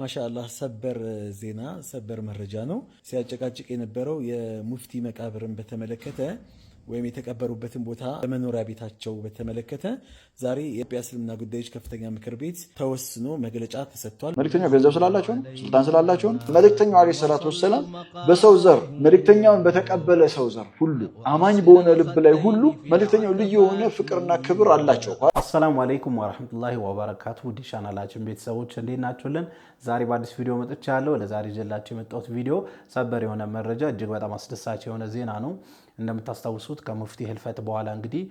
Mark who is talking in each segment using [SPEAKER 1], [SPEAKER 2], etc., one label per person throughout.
[SPEAKER 1] ማሻአላህ ሰበር ዜና ሰበር መረጃ ነው። ሲያጨቃጭቅ የነበረው የሙፍቲ መቃብርን በተመለከተ ወይም የተቀበሩበትን ቦታ በመኖሪያ ቤታቸው በተመለከተ ዛሬ የኢትዮጵያ እስልምና ጉዳዮች ከፍተኛ ምክር ቤት ተወስኖ መግለጫ ተሰጥቷል።
[SPEAKER 2] መልክተኛ ገንዘብ ስላላቸውን ስልጣን ስላላቸውን መልክተኛው ዓለይሂ ሰላቱ ወሰላም በሰው ዘር መልክተኛውን በተቀበለ ሰው ዘር ሁሉ አማኝ በሆነ ልብ ላይ ሁሉ መልክተኛው ልዩ የሆነ ፍቅርና ክብር አላቸው።
[SPEAKER 1] አሰላሙ አለይኩም ወረሕመቱላሂ ወበረካቱ ውድ ቻናላችን ቤተሰቦች እንዴት ናችሁልን? ዛሬ በአዲስ ቪዲዮ መጥቻለሁ። ለዛሬ ጀላቸው የመጣሁት ቪዲዮ ሰበር የሆነ መረጃ እጅግ በጣም አስደሳች የሆነ ዜና ነው። እንደምታስታውሱት ከሙፍቲ ህልፈት በኋላ እንግዲህ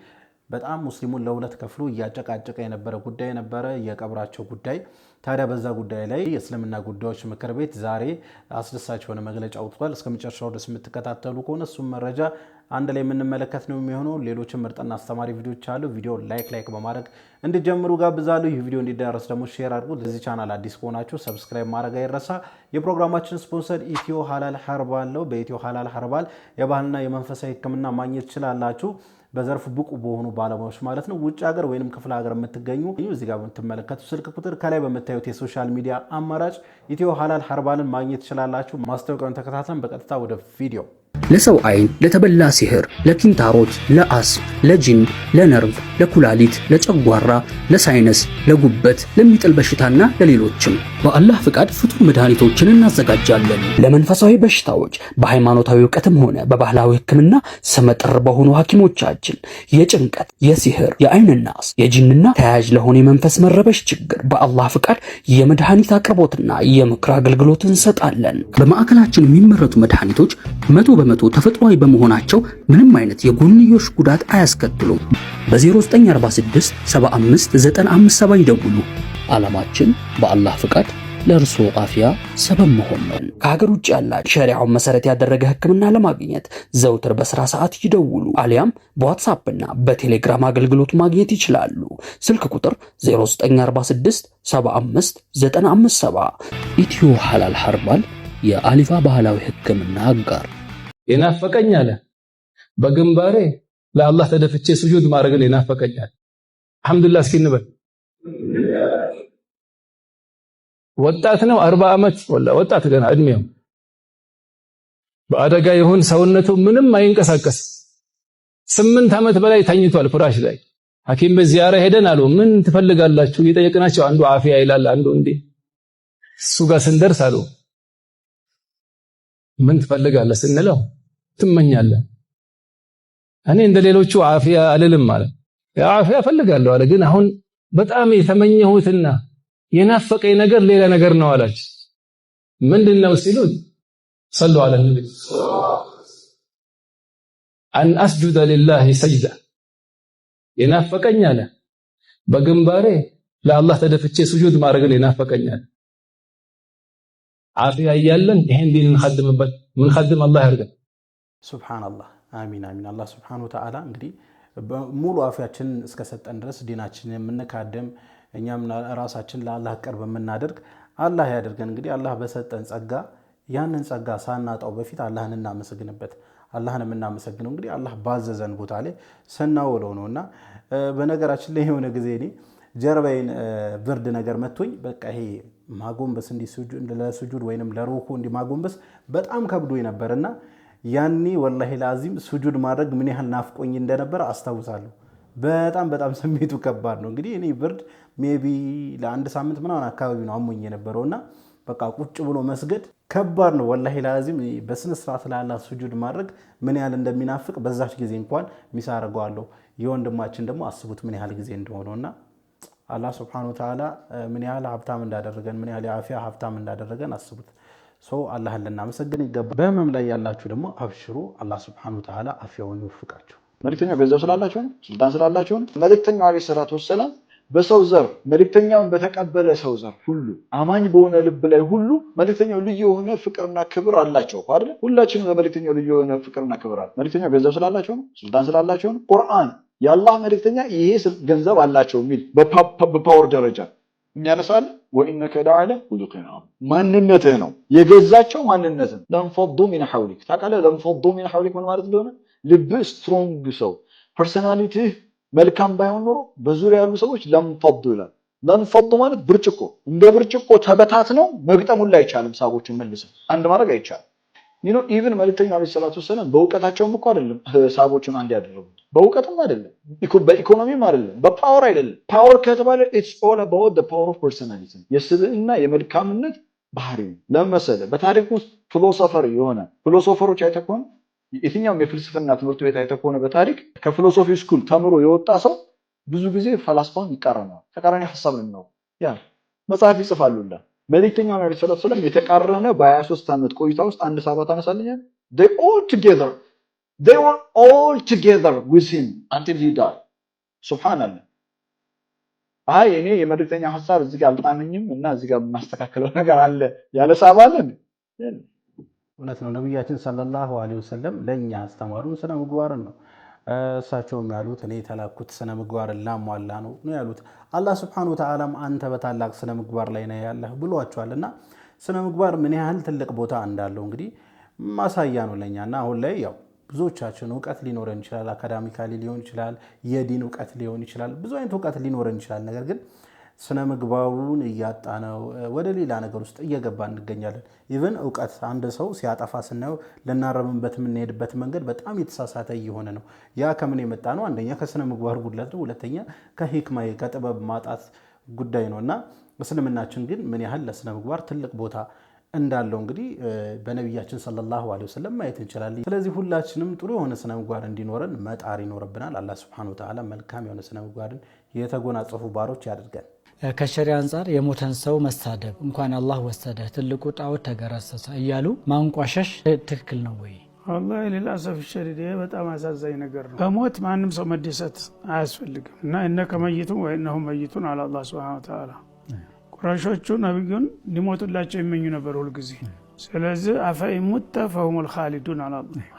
[SPEAKER 1] በጣም ሙስሊሙን ለሁለት ከፍሎ እያጨቃጨቀ የነበረ ጉዳይ ነበረ የቀብራቸው ጉዳይ። ታዲያ በዛ ጉዳይ ላይ የእስልምና ጉዳዮች ምክር ቤት ዛሬ አስደሳች የሆነ መግለጫ አውጥቷል። እስከ መጨረሻው ድረስ የምትከታተሉ ከሆነ እሱም መረጃ አንድ ላይ የምንመለከት ነው የሚሆነው። ሌሎችም ምርጥና አስተማሪ ቪዲዮዎች አሉ። ቪዲዮ ላይክ ላይክ በማድረግ እንዲጀምሩ ጋብዛለሁ። ይህ ቪዲዮ እንዲደረስ ደግሞ ሼር አድርጉ። ለዚህ ቻናል አዲስ ከሆናችሁ ሰብስክራይብ ማድረግ አይረሳ። የፕሮግራማችን ስፖንሰር ኢትዮ ሀላል ሀርባል ነው። በኢትዮ ሀላል ሀርባል የባህልና የመንፈሳዊ ሕክምና ማግኘት ትችላላችሁ። በዘርፉ ብቁ በሆኑ ባለሙያዎች ማለት ነው። ውጭ ሀገር ወይም ክፍለ ሀገር የምትገኙ እዚህ ጋር የምትመለከቱ ስልክ ቁጥር ከላይ በምታዩት የሶሻል ሚዲያ አማራጭ ኢትዮ ሀላል ሀርባልን ማግኘት ትችላላችሁ። ማስታወቂያውን ተከታትለን በቀጥታ ወደ ቪዲዮ
[SPEAKER 3] ለሰው አይን፣ ለተበላ ሲህር፣ ለኪንታሮት፣ ለአስ ለጂን፣ ለነርቭ፣ ለኩላሊት፣ ለጨጓራ፣ ለሳይነስ፣ ለጉበት፣ ለሚጥል በሽታና ለሌሎችም በአላህ ፍቃድ ፍቱን መድኃኒቶችን እናዘጋጃለን። ለመንፈሳዊ በሽታዎች በሃይማኖታዊ እውቀትም ሆነ በባህላዊ ሕክምና ስመጥር በሆኑ ሐኪሞቻችን የጭንቀት፣ የሲህር፣ የአይን ናስ፣ የጂንና ተያያዥ ለሆነ የመንፈስ መረበሽ ችግር በአላህ ፍቃድ የመድኃኒት አቅርቦትና የምክር አገልግሎት እንሰጣለን። በማዕከላችን የሚመረቱ መድኃኒቶች መቶ በመቶ ተፈጥሯዊ በመሆናቸው ምንም አይነት የጎንዮሽ ጉዳት አያስከትሉም። በ0946 75 957 ይደውሉ። ዓላማችን በአላህ ፍቃድ ለእርስዎ አፍያ ሰበብ መሆን ነው። ከሀገር ውጭ ያላችሁ ሸሪያውን መሰረት ያደረገ ሕክምና ለማግኘት ዘውትር በስራ ሰዓት ይደውሉ፣ አሊያም በዋትሳፕ በቴሌግራም አገልግሎት ማግኘት ይችላሉ። ስልክ ቁጥር 0946 75 ኢትዮ ሐላል ሐርባል የአሊፋ ባህላዊ ሕክምና አጋር
[SPEAKER 4] የናፈቀኝ አለ በግንባሬ ለአላህ ተደፍቼ ስጁድ ማድረግ ነው የናፈቀኝ አልሐምዱሊላህ እስኪ እንበል። ወጣት ነው አርባ ዓመት ወጣት ገና እድሜው በአደጋ ይሁን ሰውነቱ ምንም አይንቀሳቀስ። ስምንት ዓመት በላይ ተኝቷል ፍራሽ ላይ። ሐኪም ቤት ሄደን አሉ ምን ትፈልጋላችሁ? እየጠየቅናቸው አንዱ አፊያ ይላል፣ አንዱ እንዲህ እሱ ጋር ስንደርስ አሉ ምን ትፈልጋለህ ስንለው ትመኛለህ። እኔ እንደ ሌሎቹ አፍያ አልልም አለ። አፍያ ፈልጋለሁ አለ። ግን አሁን በጣም የተመኘሁትና የናፈቀኝ ነገር ሌላ ነገር ነው አላች። ምንድን ነው ሲሉት ሰሉ አለ ነቢ አን አስጁደ ሊላሂ ሰጅዳ የናፈቀኝ አለ። በግንባሬ ለአላህ ተደፍቼ ስጁድ ማድረግን የናፈቀኝ አለ። ዓፊያ እያለን ይሄን ዲን እንኸድምበት ምንኸድም አላህ ያድርገን።
[SPEAKER 1] ሱብሓነላህ አሚን አሚን። አላህ ሱብሓነሁ ወተዓላ እንግዲህ ሙሉ አፊያችንን እስከሰጠን ድረስ ዲናችንን የምንካደም እኛም ራሳችን ለአላህ ቅርብ የምናደርግ አላህ ያደርገን። እንግዲህ አላህ በሰጠን ጸጋ ያንን ጸጋ ሳናጣው በፊት አላህን እናመሰግንበት። አላህን የምናመሰግነው እንግዲህ አላህ ባዘዘን ቦታ ላይ ስናውለው ነው እና በነገራችን ላይ የሆነ ጊዜ እኔ ጀርባዬን ብርድ ነገር መቶኝ በቃ ይሄ ማጎንበስ ለሱጁድ ወይም ለሩኩ እንዲ ማጎንበስ በጣም ከብዶ እና ያኔ ወላሂ ላዚም ሱጁድ ማድረግ ምን ያህል ናፍቆኝ እንደነበረ አስታውሳለሁ። በጣም በጣም ስሜቱ ከባድ ነው። እንግዲህ እኔ ብርድ ሜቢ ለአንድ ሳምንት ምናምን አካባቢ ነው አሞኝ እና በቃ ቁጭ ብሎ መስገድ ከባድ ነው ወላሂ ላዚም። በስነ ስርዓት ላላ ሱጁድ ማድረግ ምን ያህል እንደሚናፍቅ በዛች ጊዜ እንኳን ሚስ አድርገዋለሁ። የወንድማችን ደግሞ አስቡት ምን ያህል ጊዜ እንደሆነውና አላህ ስብሐነሁ ወተዓላ ምን ያህል ሀብታም እንዳደረገን ምን ያህል የአፊያ ሀብታም እንዳደረገን አስቡት። ሰው አላህን ልናመሰግን ይገባል። በህመም ላይ ያላችሁ ደግሞ አብሽሩ፣ አላህ ስብሐነሁ ወተዓላ አፊያውን ይወፍቃችሁ።
[SPEAKER 2] መልክተኛ ገንዘብ ስላላችሁን ስልጣን ስላላችሁን መልክተኛው ዓለይሂ ሰላቱ ወሰላም በሰው ዘር መልክተኛውን በተቀበለ ሰው ዘር ሁሉ አማኝ በሆነ ልብ ላይ ሁሉ መልክተኛው ልዩ የሆነ ፍቅርና ክብር አላቸው አይደል? ሁላችንም ለመልክተኛው ልዩ የሆነ ፍቅርና ክብር አለ። መልክተኛው ገንዘብ ስላላቸው ነው፣ ስልጣን ስላላቸው ነው። ቁርአን የአላህ መልእክተኛ ይሄ ገንዘብ አላቸው የሚል በፓወር ደረጃ የሚያነሳል ወኢነከ ለዓላ ሁሉቅን ማንነትህ ነው የገዛቸው ማንነት ለንፈዱ ሚን ሐውሊክ ታውቃለህ። ለንፈዱ ሚን ሐውሊክ ምን ማለት እንደሆነ ልብ ስትሮንግ ሰው ፐርሰናሊቲህ መልካም ባይሆን ኖሮ በዙሪያ ያሉ ሰዎች ለንፈዱ ይላል። ለንፈዱ ማለት ብርጭቆ እንደ ብርጭቆ ተበታት ነው። መግጠሙን ላይ አይቻልም። ሳቦችን መልሰ አንድ ማድረግ አይቻልም። ዩኖ ኢቨን መልክተኛ ዓለይሂ ሰላቱ ወሰላም በእውቀታቸውም እኮ አይደለም ሰሃቦቹን አንድ ያደረጉ፣ በእውቀትም አይደለም፣ በኢኮኖሚም አይደለም፣ በፓወር አይደለም። ፓወር ከተባለ ኢትስ ኦል አባውት ፓወር ኦፍ ፐርሶናሊቲ የስብዕና የመልካምነት ባህሪ ለመሰለ በታሪክ ውስጥ ፊሎሶፈር የሆነ ፊሎሶፈሮች አይተኮን የትኛውም የፍልስፍና ትምህርት ቤት አይተኮነ በታሪክ ከፊሎሶፊ ስኩል ተምሮ የወጣ ሰው ብዙ ጊዜ ፈላስፋውን ይቃረናል። ተቃራኒ ሀሳብ ነው። ያ መጽሐፍ ይጽፋሉላ መልእክተኛ ነቢ ስለ ስለም የተቃረነ በሀያ ሶስት ዓመት ቆይታ ውስጥ አንድ ሰባት አነሳልኛል ኦል ቱጌዘር ኦል ቱጌዘር ዊዝሂም አንቲል ሂ ዳይ አይ እኔ የመልእክተኛ ሀሳብ እዚጋ አልጣመኝም እና እዚጋ የማስተካከለው ነገር አለ ያለ ሰባ
[SPEAKER 1] እውነት ነው ነቢያችን ሰለላሁ ዐለይሂ ወሰለም ለእኛ አስተማሩን ስነ ምግባርን ነው እሳቸውም ያሉት እኔ የተላኩት ስነ ምግባር ላሟላ ነው ነው ያሉት። አላህ ስብሐነ ወተዓላም አንተ በታላቅ ስነ ምግባር ላይ ነህ ያለህ ብሏቸዋል። እና ስነ ምግባር ምን ያህል ትልቅ ቦታ እንዳለው እንግዲህ ማሳያ ነው ለኛ። እና አሁን ላይ ያው ብዙዎቻችን እውቀት ሊኖረን ይችላል፣ አካዳሚካሊ ሊሆን ይችላል፣ የዲን እውቀት ሊሆን ይችላል፣ ብዙ አይነት እውቀት ሊኖረን ይችላል ነገር ግን ስነ ምግባሩን እያጣ ነው፣ ወደ ሌላ ነገር ውስጥ እየገባ እንገኛለን። ኢቨን እውቀት አንድ ሰው ሲያጠፋ ስናየው ልናረምበት የምንሄድበት መንገድ በጣም የተሳሳተ እየሆነ ነው። ያ ከምን የመጣ ነው? አንደኛ ከስነ ምግባር ጉድለት ሁለተኛ ከሂክማ ከጥበብ ማጣት ጉዳይ ነው እና እስልምናችን ግን ምን ያህል ለስነ ምግባር ትልቅ ቦታ እንዳለው እንግዲህ በነቢያችን ሰለላሁ ዐለይሂ ወሰለም ማየት እንችላለን። ስለዚህ ሁላችንም ጥሩ የሆነ ስነ ምግባር እንዲኖረን መጣር ይኖርብናል። አላህ ሱብሐነሁ ወተዓላ መልካም የሆነ ስነ ምግባርን የተጎናጸፉ ባሮች ያድርገን።
[SPEAKER 5] ከሸሪያ አንጻር የሞተን ሰው መሳደብ እንኳን አላህ ወሰደ ትልቁ ጣዖት ተገረሰሰ እያሉ ማንቋሸሽ ትክክል ነው ወይ? ወላሂ ሊላሰፍ ሸዲድ ይሄ በጣም አሳዛኝ ነገር ነው። በሞት ማንም ሰው መደሰት አያስፈልግም እና እነከ መይቱን ወኢነሁም መይቱን አለ አላህ ሱብሓነሁ ወተዓላ። ቁረሾቹ ነቢዩን ሊሞቱላቸው ይመኙ ነበር ሁልጊዜ። ስለዚህ አፈኢሙተ ሙተ ፈሁሙል ኻሊዱን አለ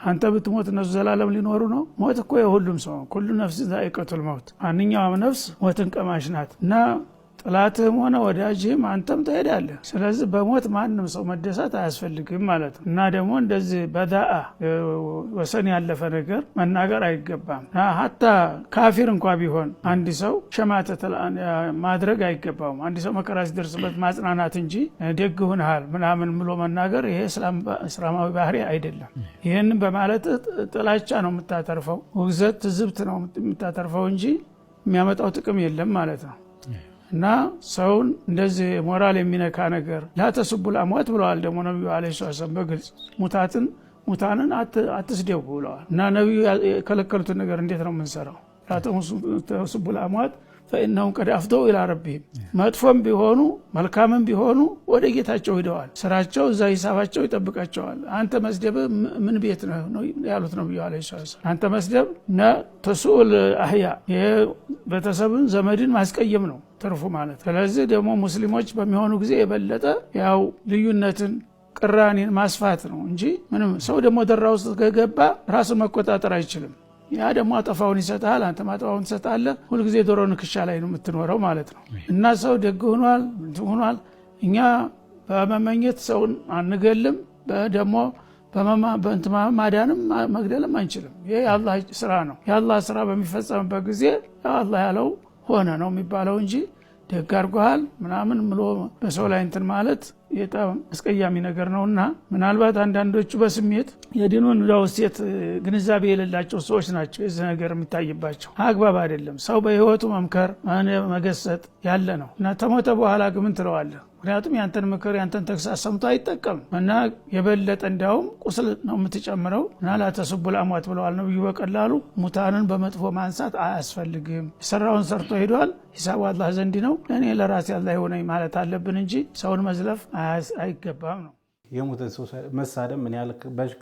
[SPEAKER 5] አንተ ብትሞት እነሱ ዘላለም ሊኖሩ ነው። ሞት እኮ የሁሉም ሰው፣ ኩሉ ነፍስ ዛኢቀቱል መውት፣ ማንኛውም ነፍስ ሞትን ቀማሽ ናት እና ጥላትህም ሆነ ወዳጅህም አንተም ትሄዳለህ። ስለዚህ በሞት ማንም ሰው መደሰት አያስፈልግም ማለት ነው እና ደግሞ እንደዚህ በዛአ ወሰን ያለፈ ነገር መናገር አይገባም። ሀታ ካፊር እንኳ ቢሆን አንድ ሰው ሸማተት ማድረግ አይገባውም። አንድ ሰው መከራ ሲደርስበት ማጽናናት እንጂ ደግ ሁንሃል ምናምን ብሎ መናገር ይሄ እስላማዊ ባህሪ አይደለም። ይህንን በማለት ጥላቻ ነው የምታተርፈው፣ ውግዘት ትዝብት ነው የምታተርፈው እንጂ የሚያመጣው ጥቅም የለም ማለት ነው። እና ሰውን እንደዚህ ሞራል የሚነካ ነገር ላተስቡል አሟት ብለዋል። ደግሞ ነቢዩ አለ ሰለም በግልጽ ሙታትን ሙታንን አትስደቡ ብለዋል። እና ነቢዩ የከለከሉትን ነገር እንዴት ነው የምንሰራው? ላተስቡል አሟት ፈኢነሁም ቀድ አፍተው ኢላ ረቢሂም መጥፎም ቢሆኑ መልካምም ቢሆኑ ወደ ጌታቸው ሂደዋል። ስራቸው እዛ ሂሳባቸው ይጠብቃቸዋል። አንተ መስደብ ምን ቤት ነው ያሉት ነብዩ ዓለይሂ ሰላም። አንተ መስደብ ነ ተስኡል አህያ ቤተሰብን ዘመድን ማስቀየም ነው ትርፉ ማለት። ስለዚህ ደግሞ ሙስሊሞች በሚሆኑ ጊዜ የበለጠ ያው ልዩነትን ቅራኔን ማስፋት ነው እንጂ ምንም ሰው ደግሞ ደራ ውስጥ ከገባ ራሱን መቆጣጠር አይችልም። ያ ደግሞ አጠፋውን ይሰጣል አንተ ማጠፋውን ትሰጣለህ። ሁልጊዜ ዶሮ ንክሻ ላይ ነው የምትኖረው ማለት ነው። እና ሰው ደግ ሆኗል ሆኗል። እኛ በመመኘት ሰውን አንገልም፣ ደግሞ ማዳንም መግደልም አንችልም። ይህ የአላህ ስራ ነው። የአላህ ስራ በሚፈጸምበት ጊዜ አላህ ያለው ሆነ ነው የሚባለው እንጂ ደግ አድርጎሃል ምናምን ምሎ በሰው ላይ እንትን ማለት በጣም አስቀያሚ ነገር ነው እና ምናልባት አንዳንዶቹ በስሜት የድኑን ውስጤት ግንዛቤ የሌላቸው ሰዎች ናቸው የዚህ ነገር የሚታይባቸው። አግባብ አይደለም። ሰው በህይወቱ መምከር መገሰጥ ያለ ነው እና ተሞተ በኋላ ግምን ትለዋለህ ምክንያቱም ያንተን ምክር ያንተን ተክስ ሰምቶ አይጠቀም እና የበለጠ እንዲያውም ቁስል ነው የምትጨምረው እና ላተሱቡል አሟት ብለዋል ነብዩ። በቀላሉ ሙታንን በመጥፎ ማንሳት አያስፈልግም። የሰራውን ሰርቶ ሄዷል። ሂሳቡ አላህ ዘንድ ነው። እኔ ለራሴ አላህ የሆነኝ ማለት አለብን እንጂ ሰውን መዝለፍ አይገባም ነው።
[SPEAKER 1] የሙትን ሰው መሳደብ ምን ያህል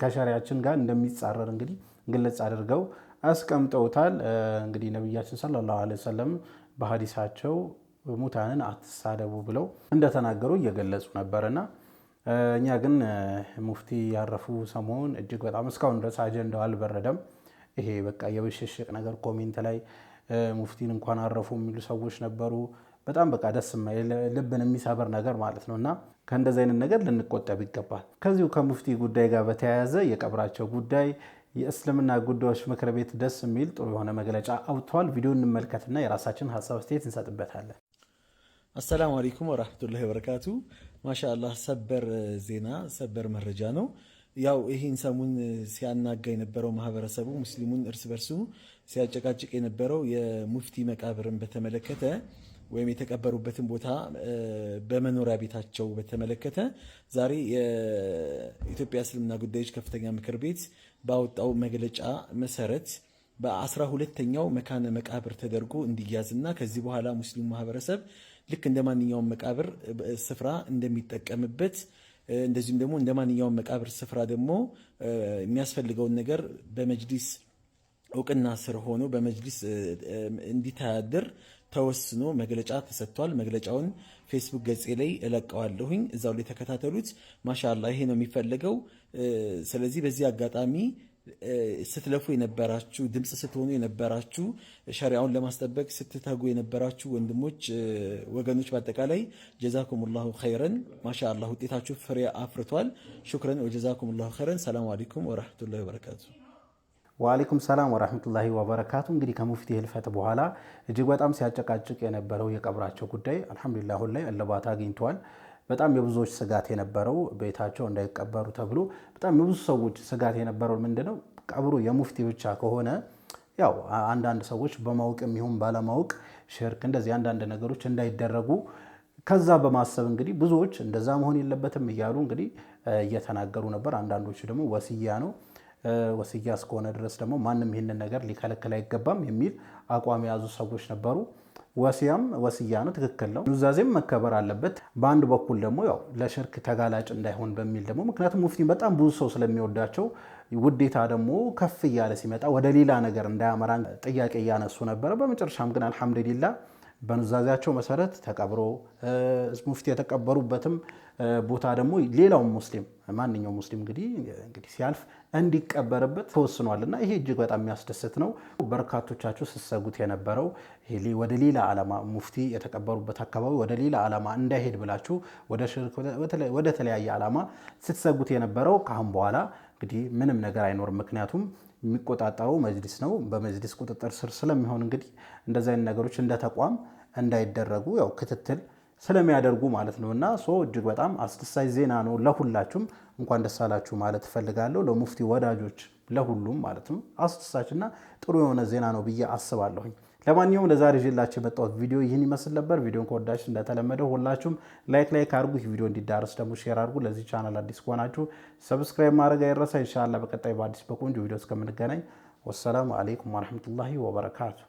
[SPEAKER 1] ከሸሪያችን ጋር እንደሚጻረር እንግዲህ ግልጽ አድርገው አስቀምጠውታል። እንግዲህ ነቢያችን ሰለላሁ ዐለይሂ ወሰለም በሀዲሳቸው ሙታንን አትሳደቡ ብለው እንደተናገሩ እየገለጹ ነበርና እኛ ግን ሙፍቲ ያረፉ ሰሞን እጅግ በጣም እስካሁን ድረስ አጀንዳው አልበረደም። ይሄ በቃ የብሽሽቅ ነገር ኮሜንት ላይ ሙፍቲን እንኳን አረፉ የሚሉ ሰዎች ነበሩ። በጣም በቃ ደስ ልብን የሚሰብር ነገር ማለት ነው እና ከእንደዚህ አይነት ነገር ልንቆጠብ ይገባል። ከዚሁ ከሙፍቲ ጉዳይ ጋር በተያያዘ የቀብራቸው ጉዳይ የእስልምና ጉዳዮች ምክር ቤት ደስ የሚል ጥሩ የሆነ መግለጫ አውጥተዋል። ቪዲዮ እንመልከትና የራሳችን ሀሳብ አስተያየት እንሰጥበታለን። አሰላሙ አለይኩም ወራህመቱላሂ ወበረካቱ። ማሻአላህ ሰበር ዜና ሰበር መረጃ ነው። ያው ይህን ሰሙን ሲያናጋ የነበረው ማህበረሰቡ ሙስሊሙን እርስ በርሱ ሲያጨቃጭቅ የነበረው የሙፍቲ መቃብርን በተመለከተ ወይም የተቀበሩበትን ቦታ በመኖሪያ ቤታቸው በተመለከተ ዛሬ የኢትዮጵያ እስልምና ጉዳዮች ከፍተኛ ምክር ቤት ባወጣው መግለጫ መሰረት በአስራ ሁለተኛው መካነ መቃብር ተደርጎ እንዲያዝና ከዚህ በኋላ ሙስሊሙ ማህበረሰብ ልክ እንደ ማንኛውም መቃብር ስፍራ እንደሚጠቀምበት እንደዚሁም ደግሞ እንደ ማንኛውም መቃብር ስፍራ ደግሞ የሚያስፈልገውን ነገር በመጅሊስ እውቅና ስር ሆኖ በመጅሊስ እንዲተዳደር ተወስኖ መግለጫ ተሰጥቷል። መግለጫውን ፌስቡክ ገጼ ላይ እለቀዋለሁኝ። እዛው ላይ ተከታተሉት። ማሻላ ይሄ ነው የሚፈለገው። ስለዚህ በዚህ አጋጣሚ ስትለፉ የነበራችሁ ድምፅ ስትሆኑ የነበራችሁ ሸሪያውን ለማስጠበቅ ስትተጉ የነበራችሁ ወንድሞች፣ ወገኖች በአጠቃላይ ጀዛኩሙላሁ ኸይረን። ማሻአላህ ውጤታችሁ ፍሬ አፍርቷል። ሹክረን ወጀዛኩሙላሁ ኸይረን። ሰላሙ አለይኩም ወረሕመቱላሂ ወበረካቱ። ወአለይኩም ሰላም ወራህመቱላሂ ወበረካቱ። እንግዲህ ከሙፍቲ ህልፈት በኋላ እጅግ በጣም ሲያጨቃጭቅ የነበረው የቀብራቸው ጉዳይ አልሐምዱሊላህ አሁን ላይ እልባት አግኝቷል። በጣም የብዙዎች ስጋት የነበረው ቤታቸው እንዳይቀበሩ ተብሎ በጣም የብዙ ሰዎች ስጋት የነበረው ምንድነው ቀብሩ የሙፍቲ ብቻ ከሆነ ያው አንዳንድ ሰዎች በማወቅ የሚሆን ባለማወቅ ሽርክ፣ እንደዚህ አንዳንድ ነገሮች እንዳይደረጉ ከዛ በማሰብ እንግዲህ ብዙዎች እንደዛ መሆን የለበትም እያሉ እንግዲህ እየተናገሩ ነበር። አንዳንዶቹ ደግሞ ወስያ ነው ወስያ እስከሆነ ድረስ ደግሞ ማንም ይህንን ነገር ሊከለክል አይገባም የሚል አቋም የያዙ ሰዎች ነበሩ። ወሲያም ወስያ ነው፣ ትክክል ነው። ኑዛዜም መከበር አለበት። በአንድ በኩል ደግሞ ያው ለሽርክ ተጋላጭ እንዳይሆን በሚል ደግሞ ምክንያቱም ሙፍቲ በጣም ብዙ ሰው ስለሚወዳቸው ውዴታ ደግሞ ከፍ እያለ ሲመጣ ወደ ሌላ ነገር እንዳያመራ ጥያቄ እያነሱ ነበረ። በመጨረሻም ግን አልሐምዱሊላ በኑዛዜያቸው መሰረት ተቀብሮ ሙፍቲ የተቀበሩበትም ቦታ ደግሞ ሌላውም ሙስሊም ማንኛውም ሙስሊም እንግዲህ እንግዲህ ሲያልፍ እንዲቀበርበት ተወስኗል እና ይሄ እጅግ በጣም የሚያስደስት ነው። በርካቶቻችሁ ስትሰጉት የነበረው ወደ ሌላ ዓላማ ሙፍቲ የተቀበሩበት አካባቢ ወደ ሌላ ዓላማ እንዳይሄድ ብላችሁ ወደ ተለያየ ዓላማ ስትሰጉት የነበረው ካሁን በኋላ እንግዲህ ምንም ነገር አይኖርም። ምክንያቱም የሚቆጣጠረው መጅሊስ ነው። በመጅሊስ ቁጥጥር ስር ስለሚሆን እንግዲህ እንደዚህ አይነት ነገሮች እንደ ተቋም እንዳይደረጉ ያው ክትትል ስለሚያደርጉ ማለት ነው። እና ሶ እጅግ በጣም አስደሳች ዜና ነው። ለሁላችሁም እንኳን ደስ አላችሁ ማለት እፈልጋለሁ። ለሙፍቲ ወዳጆች ለሁሉም ማለት ነው። አስደሳችና ጥሩ የሆነ ዜና ነው ብዬ አስባለሁኝ። ለማንኛውም ለዛሬ ይዤላችሁ የመጣሁት ቪዲዮ ይህን ይመስል ነበር። ቪዲዮን ከወዳችሁ እንደተለመደው ሁላችሁም ላይክ ላይክ አድርጉ። ይህ ቪዲዮ እንዲዳረስ ደግሞ ሼር አድርጉ። ለዚህ ቻናል አዲስ ከሆናችሁ ሰብስክራይብ ማድረግ አይረሳ። ኢንሻላህ በቀጣይ በአዲስ በቆንጆ ቪዲዮ እስከምንገናኝ ወሰላሙ አሌይኩም ወረሕመቱላሂ ወበረካቱ።